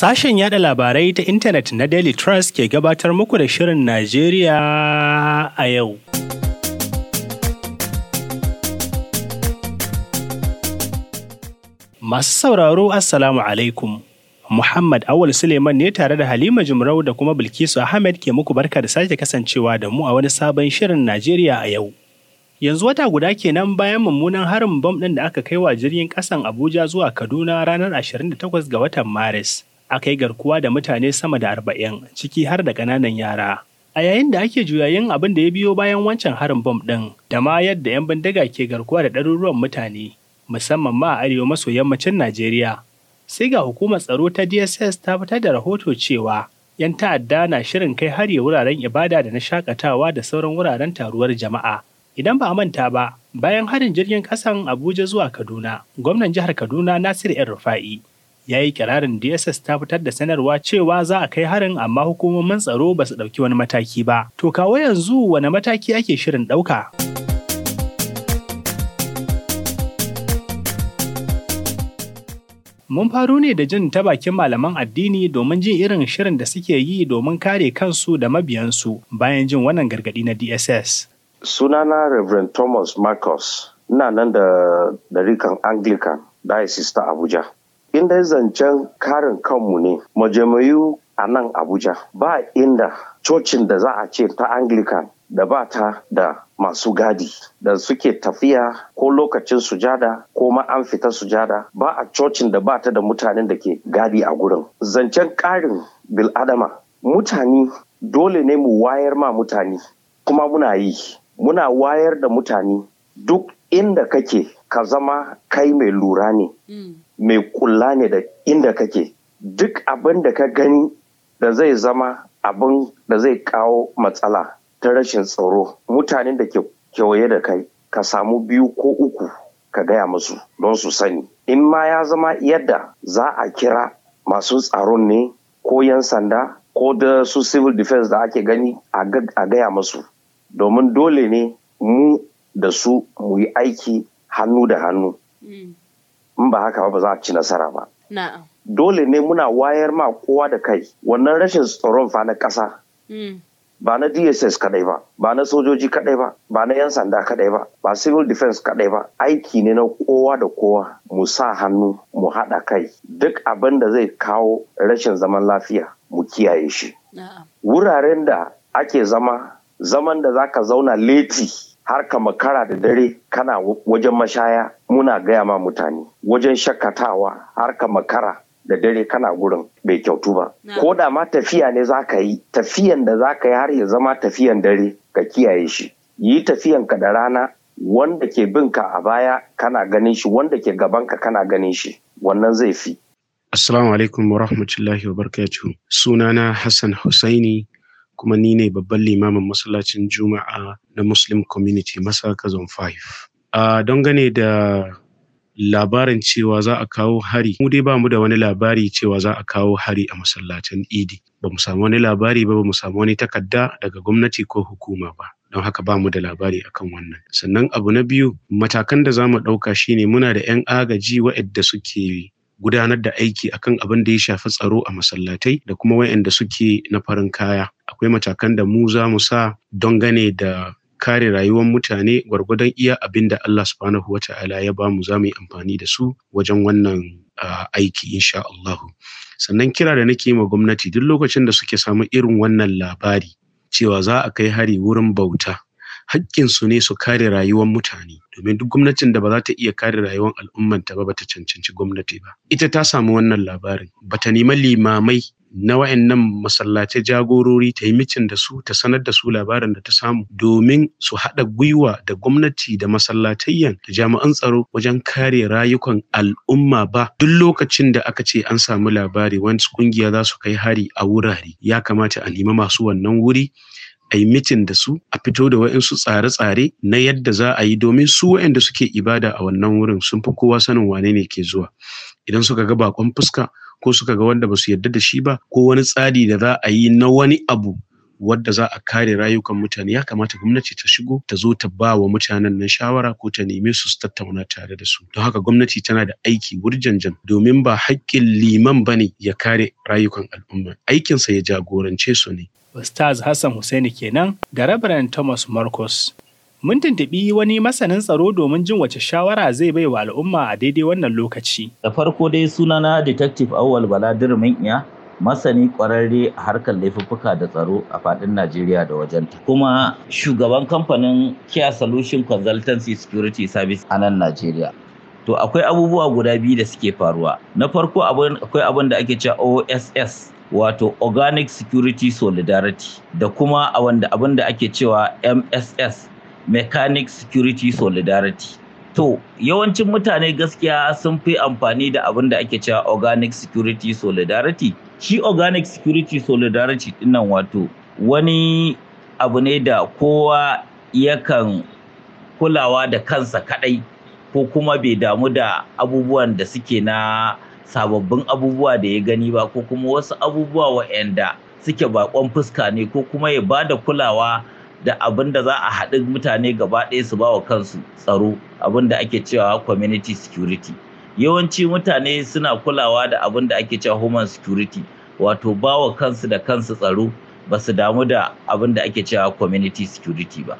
Sashen yada labarai ta intanet na Daily Trust ke gabatar muku da Shirin Najeriya a yau. Masu sauraro Assalamu alaikum. Muhammad Awul Suleiman ne tare da Halima Jumrau da kuma Bilkisu Ahmed ke muku barka da sake kasancewa da mu a wani sabon Shirin Najeriya a yau. Yanzu wata guda kenan bayan mummunan harin bom ɗin da aka kai wa jirgin ƙasan Abuja zuwa Kaduna ranar 28 ga watan Maris. aka yi garkuwa da mutane sama da arba'in ciki har da ƙananan yara. A yayin da ake juyayin abin da ya biyo bayan wancan harin bom ɗin da ma yadda 'yan bindiga ke garkuwa da ɗaruruwan mutane musamman ma a arewa maso yammacin Najeriya. Sai ga hukumar tsaro ta DSS ta fitar da rahoto cewa 'yan ta'adda na shirin kai hari wuraren ibada da na shakatawa da sauran wuraren taruwar jama'a. Idan ba a manta ba, bayan harin jirgin kasan Abuja zuwa Kaduna, gwamnan jihar Kaduna Nasiru El Rufa'i ya yi kirarin DSS ta fitar da sanarwa cewa za a kai harin amma hukumomin tsaro ba su ɗauki wani mataki ba. To kawo yanzu wane mataki ake shirin ɗauka? Mun faru ne da jin ta bakin malaman addini domin jin irin shirin da suke yi domin kare kansu da mabiyansu bayan jin wannan gargaɗi na DSS. Sunana Reverend Thomas Marcus, ina nan da darikan Anglican Diocese ta Abuja. in dai zancen karin kanmu ne majamayu a nan abuja ba inda cocin da za a ce ta anglican da ba ta da masu gadi da suke tafiya ko lokacin sujada ko ma an fita sujada ba a cocin da ba ta da mutanen da ke gadi a gurin zancen karin bil'adama mutane dole ne mu wayar ma mutane kuma muna yi muna wayar da mutane duk inda kake ka zama kai mai lura ne mm. mai kula ne da inda kake duk abin da ka gani da zai zama abin da zai kawo matsala ta rashin tsaro mutanen da ke kewaye da kai ka samu biyu ko uku ka gaya musu don su sani in ma ya zama yadda za a kira masu tsaron ne ko 'yan sanda ko da su civil defense da ake gani a gaya musu domin dole ne mu da su mu yi aiki hannu da hannu mm. in ba haka ba za a ci nasara ba dole ne muna wayar ma kowa da kai wannan rashin tsoron fa na ƙasa hmm. ba na dss kadai ba ba na sojoji kadai ba ba na 'yan sanda kadai ba ba civil defense kadai ba aiki ne na kowa da kowa mu sa hannu mu haɗa kai duk abin da zai kawo rashin zaman lafiya mu kiyaye shi wuraren da ake zama zaman da zaka zauna leti har ka makara da dare kana wajen mashaya muna gaya ma mutane wajen shakatawa har ka makara da dare kana gurin bai kyautu ba ko da ma tafiya ne za ka yi tafiyan da za ka yi har ya zama tafiyan dare ka kiyaye shi yi tafiyan ka da rana wanda ke bin ka a baya kana ganin shi wanda ke gaban ka kana ganin shi wannan zai fi assalamu alaikum wa rahmatullahi wa barakatuhu sunana hassan Hussaini. kuma ni ne babban limamin masallacin Juma'a na Muslim Community Masaka Zone 5. A dangane da labarin cewa za a kawo hari, mu dai ba mu da wani labari cewa za a kawo hari a masallacin Idi. Ba mu samu wani labari ba, ba mu samu wani takarda daga gwamnati ko hukuma ba. don haka ba mu da labari akan wannan sannan abu na biyu matakan da za mu ɗauka shine muna da 'yan agaji waɗanda suke gudanar da aiki akan abin da ya shafi tsaro a masallatai da kuma wayanda suke na farin kaya akwai matakan da mu za mu sa don gane da kare rayuwar mutane gwargwadon iya abin da Allah subhanahu wata'ala ya ba mu za mu yi amfani da su wajen wannan aiki insha Allah sannan kira da nake ma gwamnati duk lokacin da suke samu irin wannan labari cewa za a kai hari wurin bauta su ne su kare rayuwar mutane domin duk gwamnatin da ba za ta iya kare rayuwar al'ummanta ba bata cancanci gwamnati ba ita ta samu wannan labarin bata nemi limamai na wayannan masallace jagorori ta yi micin da su ta sanar da su labarin da ta samu domin su haɗa gwiwa da gwamnati da masallatayyan da jami'an tsaro wajen kare rayukan al'umma ba duk lokacin da aka ce an samu labari wani kungiya za su kai hari a wurare ya kamata a nemi masu wannan wuri a yi mitin da su a fito da waɗansu tsare-tsare na yadda za a yi domin su waɗanda suke ibada a wannan wurin sun fi kowa sanin wane ne ke zuwa idan suka ga bakon fuska ko suka ga wanda ba su yarda da shi ba ko wani tsari da za a yi na wani abu wadda za a kare rayukan mutane ya kamata gwamnati ta shigo ta zo ta ba wa mutanen nan shawara ko ta neme su su tattauna tare da su don haka gwamnati tana da aiki wurjanjan domin ba haƙƙin liman bane ya kare rayukan al'umma aikinsa ya jagorance su ne Ustaz Hassan Hussaini kenan da Reverend Thomas Marcus. Mun tuntuɓi wani masanin tsaro domin jin wace shawara zai bai wa al'umma a daidai wannan lokaci. Da farko dai sunana Detective auwal Bala Dirmin iya masani ƙwararre a harkar laifuffuka da tsaro a faɗin Najeriya da wajenta. Kuma shugaban kamfanin Kia Solution Consultancy Security Service a nan Najeriya. To akwai abubuwa guda biyu da suke faruwa. Na farko akwai abin da ake cewa OSS wato organic security solidarity da kuma a wanda abin da ake cewa mss mechanic security solidarity to yawancin mutane gaskiya sun fi amfani da abin da ake cewa organic security solidarity shi organic security solidarity dinnan wato wani abu ne da kowa yakan kulawa da kansa kadai ko kuma bai damu da abubuwan da suke na sababbin abubuwa da ya gani ba ko kuma wasu abubuwa waɗanda suke bakon fuska ne ko kuma ya ba da kulawa da abin da za a haɗu mutane gaba ɗaya su ba wa kansu tsaro abin da ake cewa community security yawanci mutane suna kulawa da abin da ake cewa human security wato ba wa kansu da kansu tsaro ba su damu da abin da ake cewa community security ba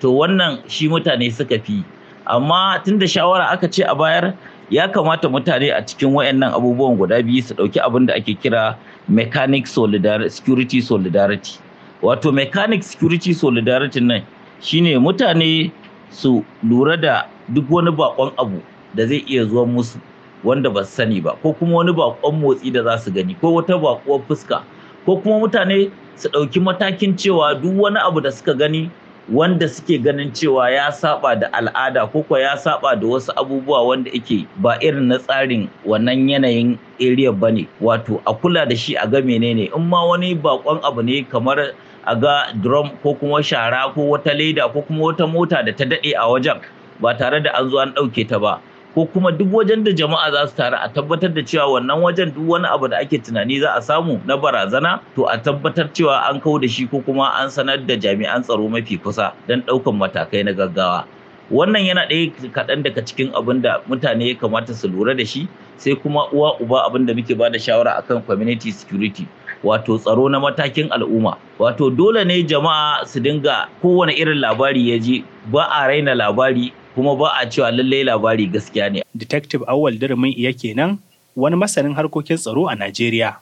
to wannan shi mutane suka fi amma tunda shawara aka ce a bayar ya kamata mutane a cikin wayannan abubuwan guda biyu su ɗauki abin da ake kira mechanic solidarity security solidarity wato mechanic security solidarity nan shine mutane su lura da duk wani bakon abu da zai iya zuwa musu wanda ba su sani ba ko kuma wani bakon motsi da za su gani ko wata bakuwar fuska ko kuma mutane su ɗauki matakin cewa duk wani abu da suka gani wanda suke ganin cewa ya saba da al'ada ko ya saba da wasu abubuwa wanda yake ba irin na tsarin wannan yanayin area bane wato a kula da shi a ga menene in ma wani bakon abu ne kamar a ga drum ko kuma shara ko wata leda ko kuma wata mota da ta daɗe a wajen ba tare da an zo an ɗauke ta ba ko kuma duk wajen da jama'a za su taru a tabbatar da cewa wannan wajen duk wani abu da ake tunani za a samu na barazana to a tabbatar cewa an kau da shi ko kuma an sanar da jami'an tsaro mafi kusa don ɗaukan matakai na gaggawa wannan yana ɗaya kaɗan daga cikin abin da mutane ya kamata su lura da shi sai kuma uwa uba abin da muke bada shawara akan community security wato tsaro na matakin al'umma wato dole ne jama'a su dinga kowane irin labari ya je ba a raina labari kuma ba a cewa lallai labari gaskiya ne. Detective Awal Dirmin iya kenan wani masanin harkokin tsaro a Najeriya.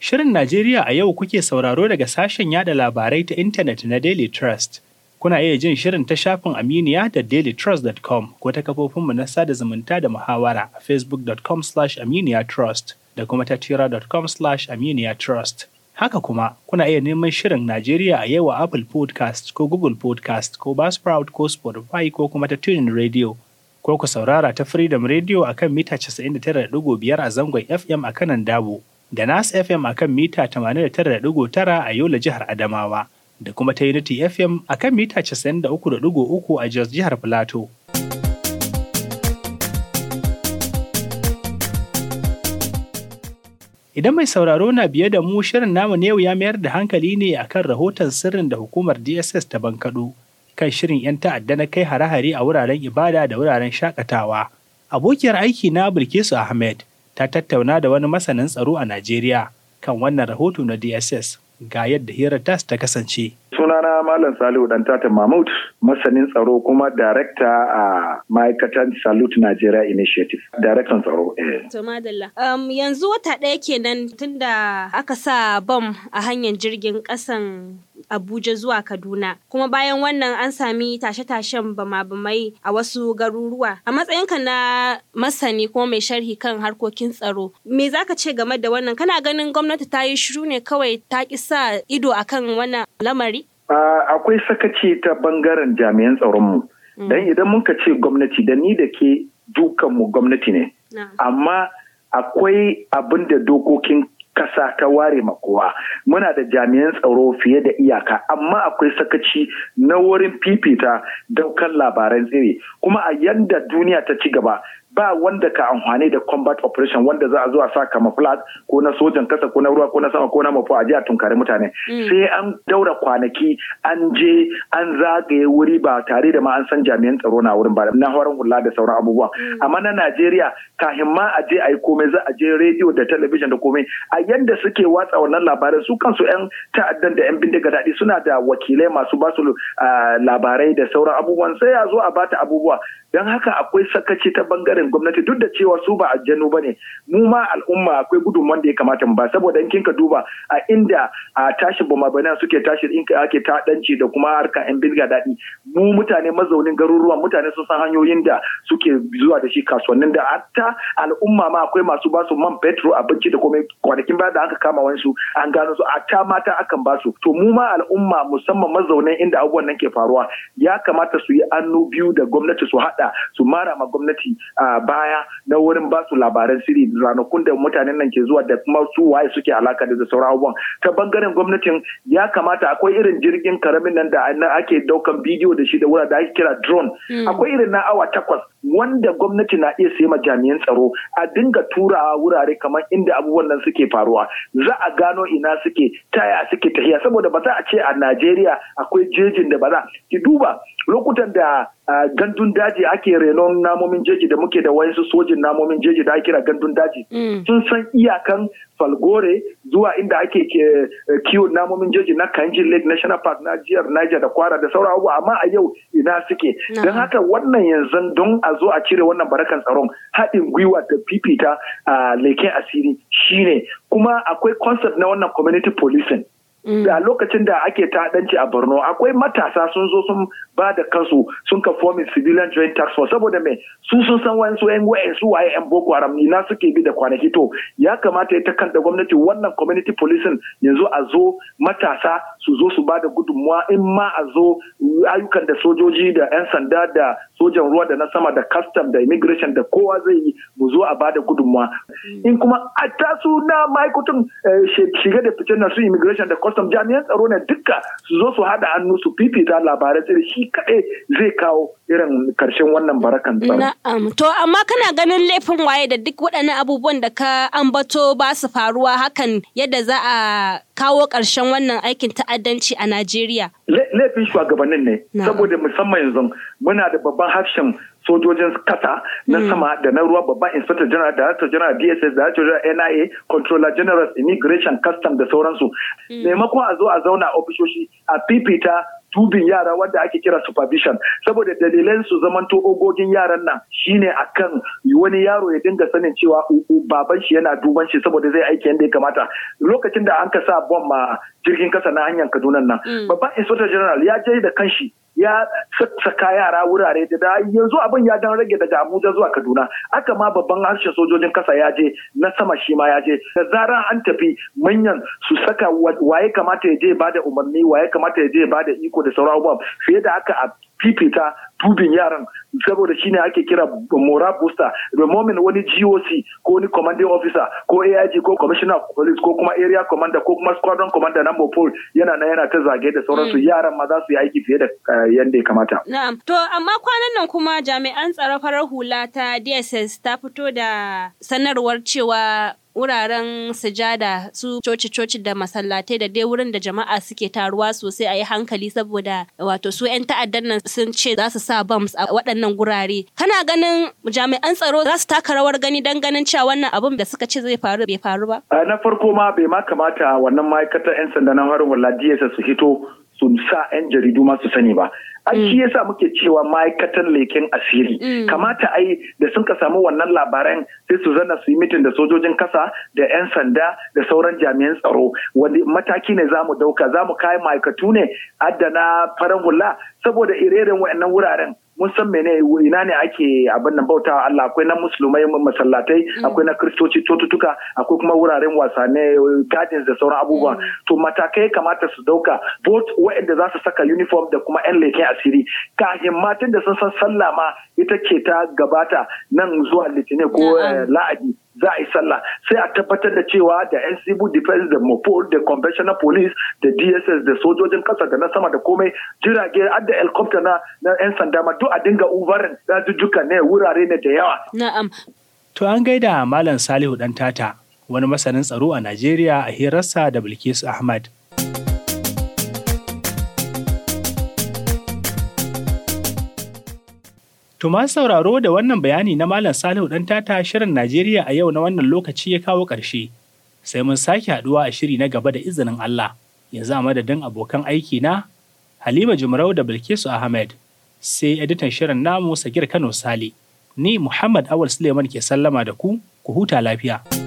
Shirin Najeriya a yau kuke sauraro daga sashen yada labarai ta intanet na Daily Trust. Kuna iya jin shirin ta shafin Aminiya da dailytrust.com ko ta kafofinmu na sada zumunta da muhawara a facebook.com/aminiya trust da kuma ta aminiya trust. Haka kuma kuna iya neman shirin Najeriya a yau a Apple podcast ko Google podcast ko Buzzsprout ko Spotify ko kuma ta tunin Radio ko ku saurara ta Freedom Radio a kan mita 99.5 a zangon FM a kanan Dabo da Nas FM a kan mita 89.9 a Yola jihar Adamawa da kuma ta Unity FM a kan mita 93.3 a Jos jihar Plateau. Idan mai sauraro na biye da mu shirin namu na yau ya mayar da hankali ne akan rahoton sirrin da hukumar DSS ta bankaɗo kan shirin 'yan ta'adda na kai hare-hare a wuraren ibada da wuraren shakatawa. Abokiyar aiki na Bilkisu Ahmed ta tattauna da wani masanin tsaro a Najeriya kan wannan rahoto na DSS. ga yadda hirar tas ta kasance. Sunana Malam Salihu Dantata Mahmud, masanin tsaro kuma darekta a ma'aikatan Salute Nigeria Initiative, tsaro. Eh. To madalla. Um, yanzu wata ɗaya kenan tunda aka sa bom a hanyar jirgin ƙasan Abuja zuwa Kaduna. Kuma bayan wannan an sami tashe-tashen bama-bamai a wasu garuruwa. A matsayinka na masani ko mai sharhi kan harkokin tsaro, me za ka ce game da wannan? Kana ganin gwamnati ta yi shiru ne kawai ta ki sa ido a kan wannan lamari? Akwai sakaci ta bangaren jami'an tsaronmu. Mm. Dan idan muka ce gwamnati da ni da ke dukanmu gwamnati ne. Amma akwai abin da dokokin kasa ta ware ma kowa muna da jami'an tsaro fiye da iyaka amma akwai sakaci na wurin fifita daukan labaran tsere kuma a yanda duniya ta ci gaba ba wanda ka amfani da combat operation wanda za a zo a sa camouflage ko na sojan kasa ko na ruwa ko na sama ko na mafi a jiya tunkari mutane mm. sai an daura kwanaki an je an zagaye wuri ba tare da ma an san jami'an tsaro na wurin ba na horon hula da sauran abubuwa mm. amma na Najeriya kafin ma a je a yi komai za a je rediyo da talabijin da komai a yadda suke watsa wannan labarai su kansu yan ta'addan da yan bindiga daɗi suna da wakilai masu basu ah, labarai da sauran abubuwan sai ya zo a bata abubuwa don haka akwai sakaci ta bangaren aikin gwamnati duk da cewa su ba aljanu ba ne mu ma al'umma akwai gudun da ya kamata mu ba saboda in ka duba a inda a tashin bumabanan suke tashi in ake taɗanci da kuma harkar yan bilga daɗi mu mutane mazaunin garuruwa mutane sun san hanyoyin da suke zuwa da shi kasuwannin da hatta al'umma ma akwai masu basu man fetur abinci da komai kwanakin baya da aka kama wansu an gano su hatta mata akan basu to mu ma al'umma musamman mazaunan inda abubuwan nan ke faruwa ya kamata su yi annu biyu da gwamnati su haɗa su mara ma gwamnati a baya na wurin ba su labaran siri ranakun da mutanen nan ke zuwa da kuma su waye suke alaka da sauran abubuwan ta bangaren gwamnatin ya kamata akwai irin jirgin karamin nan da ake daukan bidiyo da shi da wura da ake kira drone hmm. akwai irin na awa takwas wanda gwamnati na iya sai jami'an tsaro a dinga turawa wurare kamar inda abubuwan nan suke faruwa za a gano ina suke taya suke tafiya. saboda ba za a ce a Najeriya akwai jejin da ba za ki duba lokutan da gandun daji ake renon namomin jeji da muke da wayansu sojin namomin jeji da ake kira gandun daji mm. sun san iyakan falgore zuwa inda ake eh, eh, kiwon namomin jeji na Kanji lake national park na jihar niger da kwara da sauran abubuwa amma a yau ina suke don haka wannan yanzu don a zo a cire wannan barakan tsaron haɗin gwiwa da fifita a ah, leken asiri shine kuma akwai concept na wannan community policing Mm. da lokacin da ake taɗanci a Borno akwai matasa sun zo sun ba da kansu sun ka formin civilian joint tax force saboda mai su sun san wayansu yan wayansu waye yan boko haram ni na suke bi da kwanaki to ya kamata ita kanta gwamnati wannan community policing yanzu a zo matasa su zo su ba da gudunmuwa in ma a zo ayyukan da sojoji da yan sanda da sojan ruwa da na sama da custom da immigration da kowa zai yi mu zo a bada gudunmawa mm. in kuma a tasu na ma'aikatan eh, shiga da fice na su immigration da custom jami'an tsaro na duka su zo su hada hannu su fifita labarai tsiri shi kaɗai zai kawo irin karshen wannan barakan Na'am to amma kana ganin laifin waye da duk waɗannan abubuwan da ka ambato ba su faruwa hakan yadda za a kawo ƙarshen wannan aikin ta'addanci a Najeriya? Laifin shugabannin ne, saboda musamman yanzu muna da babban harshen sojojin kasa na hmm. sama da na ruwa babban inspector general director general dss director general nia controller general immigration custom da sauransu hmm. maimakon a zo a zauna ofisoshi a fifita dubin yara wanda ake kira supervision saboda dalilan su zaman ogogin yaran nan shine akan wani yaro ya dinga sanin cewa baban shi yana duban shi saboda zai aiki yadda ya kamata lokacin da an ka sa bom ma jirgin kasa na hanyar Kaduna nan mm. babban inspector general ya je da kanshi ya saka yara wurare da da yanzu abin ya dan rage daga Abuja zuwa Kaduna aka ma babban harshen sojojin kasa ya je na sama shi ma ya je da zaran an tafi manyan su saka waye kamata ya je ba da umarni waye kamata ya je ba da iko da sauran abubuwa fiye da aka fifita bubin yaran saboda shi ne ake kira mora booster the moment wani GOC ko wani commanding officer ko AIG ko commissioner of police ko kuma area commander ko kuma squadron commander na Mopol yana na yana ta zage da sauransu mm. yaran ma za su yi aiki fiye da eh, yadda ya kamata. Na'am to amma kwanan nan kuma jami'an tsaro farar hula ta DSS ta fito da sanarwar cewa wuraren sujada su coci-coci da masallatai da dai wurin da jama'a suke taruwa sosai a yi hankali saboda wato su 'yan ta'addan nan sun ce za su sa bombs a waɗannan gurare kana ganin jami'an tsaro za su taka rawar gani don ganin cewa wannan abun da suka ce zai faru bai faru ba na farko ma bai ma kamata wannan ma'aikatar 'yan sanda na harin hula su fito. su sa 'yan jaridu masu sani ba an mm. shi sa muke cewa ma'aikatan leken asiri mm. kamata ai da sun ka samu wannan labaran sai su zana su yi mitin da sojojin kasa da 'yan sanda da sauran jami'an tsaro wani mataki ne za mu dauka za mu kayan ma'aikatu ne adana farin hula saboda ire-iren wa'annan wuraren mun san mene ina ne ake abin nan bauta Allah akwai na musulmai masallatai mm. akwai na kristoci totutuka akwai kuma wuraren wasa ne gardens da sauran abubuwa mm. to matakai kamata su dauka both waɗanda za su saka uniform da kuma 'yan leke asiri kafin matan da sun san sallah ita ce ta gabata nan zuwa litinin ko eh, la'adi za a yi sallah sai a tabbatar da cewa da yan civil defense da mopol da conventional police da dss da sojojin ƙasa da na sama da komai jirage har da helicopter na yan sanda ma duk a dinga ubarin dajujjuka ne wurare ne da yawa na'am to an gaida malam salihu dan tata wani masanin tsaro a najeriya a hirarsa da bilkisu ahmad To ma sauraro da wannan bayani na Malam Salihu ɗan tata shirin Najeriya a yau na wannan lokaci ya kawo ƙarshe. Sai mun sake haɗuwa a shiri na gaba da izinin Allah. Yanzu a madadin abokan aiki na Halima Jumrau da Bilkisu Ahmed. Sai editan shirin namu Sagir Kano Sale. Ni Muhammad Awal Suleiman ke sallama da ku, ku huta lafiya.